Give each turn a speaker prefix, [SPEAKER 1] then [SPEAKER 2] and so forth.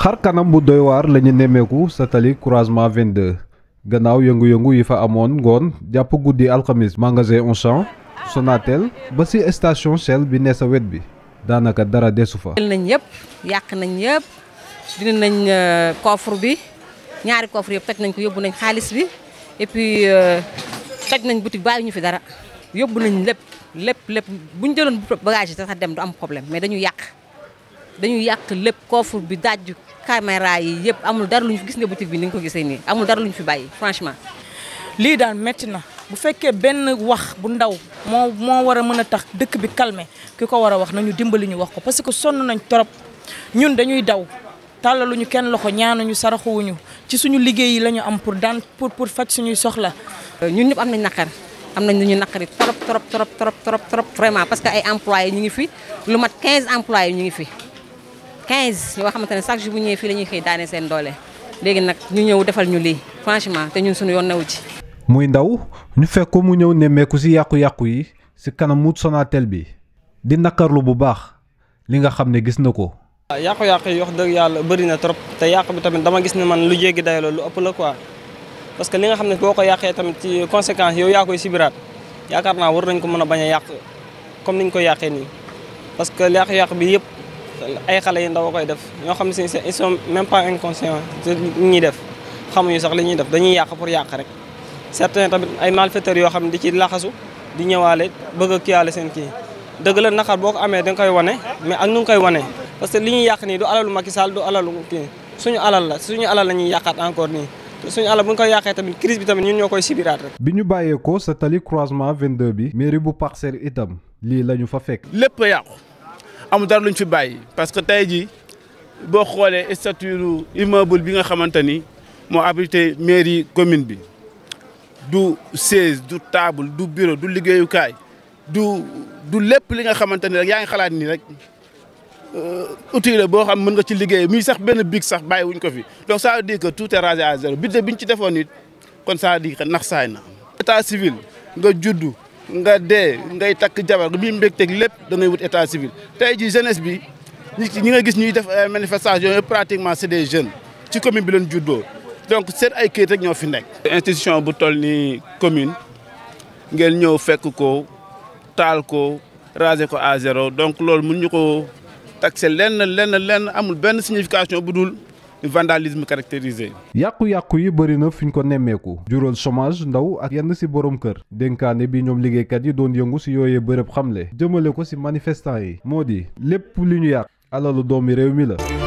[SPEAKER 1] xar kanam bu doy waar la ñu nemmeeku sa tali croisement 22 gannaaw yëngu-yëngu yi fa amoon ngoon jàpp guddi alxamis magasin Auchan Sonatel ba ci station Shell bi ne sa wet bi daanaka dara desu fa. jël
[SPEAKER 2] nañ yëpp yàq nañ yëpp dindi nañ euh, coffre bi ñaari coffre yëpp toj nañ ko yóbbu nañ xaalis bi et puis euh, toj nañ boutique bàyyi ñu fi dara yóbbu nañ lëpp lépp lépp buñ ñu jëloon bagage yi sax dem du am problème mais dañu yàq dañu yàq lépp coffre bi daaj. caméra yi yëpp amul dara lu ñu gis nga boutique bi ni nga ko gisee nii amul dara lu ñu fi bàyyi franchement. lii daal métti na bu fekkee benn wax bu ndaw moo moo war a mën a tax dëkk bi calmer ki ko war a wax nañu dimbali ñu wax ko parce que sonn nañ trop ñun dañuy daw. tàllaluñu kenn loxo ñaanuñu saraxuwuñu ci suñu liggéey yi la ñu am pour daan pour pour faj suñuy soxla. ñun ñëpp am nañ naqar am nañ ñu naqari trop trop trop trop trop trop parce que ay employés ñu ngi fi lu mat 15 employés ñu ngi fi. 15 yoo xamante ne chaque jour bu ñëwee fii la ñuy xëy daane seen doole léegi nag ñu ñëw defal ñu lii franchement te ñun suñu yoon newu ci.
[SPEAKER 1] muy ndaw ñu fekk ko mu ñëw nemmeeku si yàqu-yàqu yi si kanamu Sonatel bi di nakarlu bu baax li nga xam ne gis na ko.
[SPEAKER 3] yàqu-yàqu yi yox dëgg yàlla bëri na trop te yàq bi tamit dama gis ne man lu jéggi day loolu lu ëpp la quoi parce que li nga xam ne boo ko yàqee tamit ci conséquence yow yaa koy sibiraat yaakaar naa war nañ ko mën a bañ a yàqu comme ni ñu ko yàqee nii parce que yàq-yàq bi yëpp. ay xale yu ndaw a koy def ñoo xam si ils sont même pas inconscients de ñuy def xamuñu sax li ñuy def dañuy yàq pour yàq rek certains tamit ay malfaiteurs yoo xam ne di ci laxasu di ñëwaale bëgg a kiyaale seen kii dëgg la naqar boo ko amee da nga koy wane mais ak nu nga koy wane parce que li ñu yàq nii du alalu Macky Sall du alalu kii suñu alal la suñu alal la ñuy yàqaat encore nii suñu àll bu ñu koy yàqee tamit crise bi tamit ñun ñoo koy
[SPEAKER 4] sibiraat
[SPEAKER 1] bi ñu bàyyeekoo sa tali croisement 22 bi. mairie bu parcelle itam lii la ñu fa fekk.
[SPEAKER 4] lépp yàqu. amul dara luñ fi bàyyi parce que tey jii boo xoolee statut immeuble bi nga xamante ni moo abrité mairie commune bi du siège du table du bureau du liggéeyukaay du du lépp li nga xamante ni rek yaa ngi xalaat ni rek euh, outil la boo xam mën nga ci liggéey muy sax benn big sax bàyyi wuñ ko fi donc ça veut dire que tout est rasé à zéro bi ñu ci defoon it kon ça veut dire nax saay na état sivil nga juddu nga dee ngay takk jabar bii teg lépp da ngay wut état civil tey ji jeunesse bi ñi nga gis ñuy def euh, manifestation yooyu pratiquement c'est des jeunes ci commune bi leen juddoo donc seen ay kayit rek ñoo fi nekk. institution bu toll nii commune ngeen ñëw fekk ko taal ko raser ko à zéro donc loolu mun ñu ko se lenn lenn lenn amul benn signification bu dul. vandalisme caractérisé.
[SPEAKER 1] yàqu-yàqu yi bëri na fi ñu ko nemmeeku. juróol chômage ndaw ak yenn ci borom kër. dénkaane bi ñoom liggéeykat yi doon yëngu ci yooyee bërëb xamle. jëmale ko ci manifestant yi. moo di lépp li ñu yàq alalu doomi réew mi la.